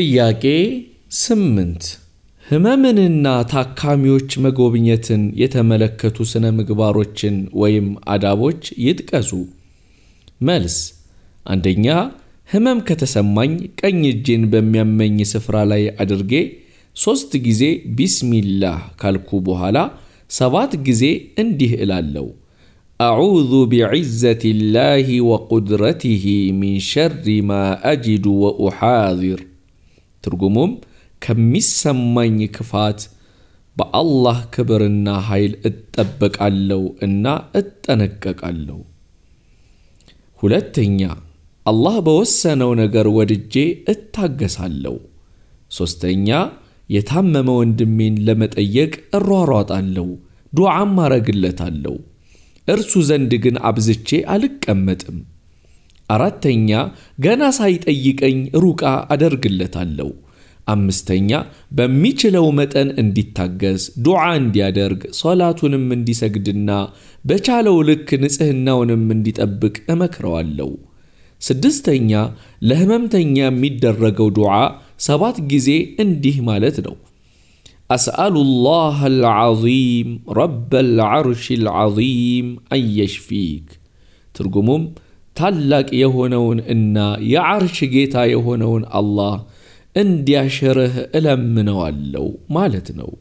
ጥያቄ ስምንት ህመምንና ታካሚዎች መጎብኘትን የተመለከቱ ስነ ምግባሮችን ወይም አዳቦች ይጥቀሱ። መልስ፣ አንደኛ ህመም ከተሰማኝ ቀኝ እጄን በሚያመኝ ስፍራ ላይ አድርጌ ሦስት ጊዜ ቢስሚላህ ካልኩ በኋላ ሰባት ጊዜ እንዲህ እላለሁ፣ አዑዙ ቢዕዘቲላሂ ወቁድረቲሂ ሚን ሸሪ ማ አጅዱ ወኡሓዚር ትርጉሙም ከሚሰማኝ ክፋት በአላህ ክብርና ኃይል እጠበቃለሁ እና እጠነቀቃለሁ። ሁለተኛ አላህ በወሰነው ነገር ወድጄ እታገሳለሁ። ሦስተኛ የታመመ ወንድሜን ለመጠየቅ እሯሯጣለሁ፣ ዱዓም አረግለታለሁ። እርሱ ዘንድ ግን አብዝቼ አልቀመጥም። አራተኛ ገና ሳይጠይቀኝ ሩቃ አደርግለታለሁ። አምስተኛ በሚችለው መጠን እንዲታገዝ ዱዓ እንዲያደርግ ሶላቱንም እንዲሰግድና በቻለው ልክ ንጽሕናውንም እንዲጠብቅ እመክረዋለሁ። ስድስተኛ ለሕመምተኛ የሚደረገው ዱዓ ሰባት ጊዜ እንዲህ ማለት ነው። أسأل الله العظيم رب العرش العظيم أن ትርጉሙም ታላቅ የሆነውን እና የዓርሽ ጌታ የሆነውን አላህ እንዲያሽርህ እለምነዋለሁ ማለት ነው።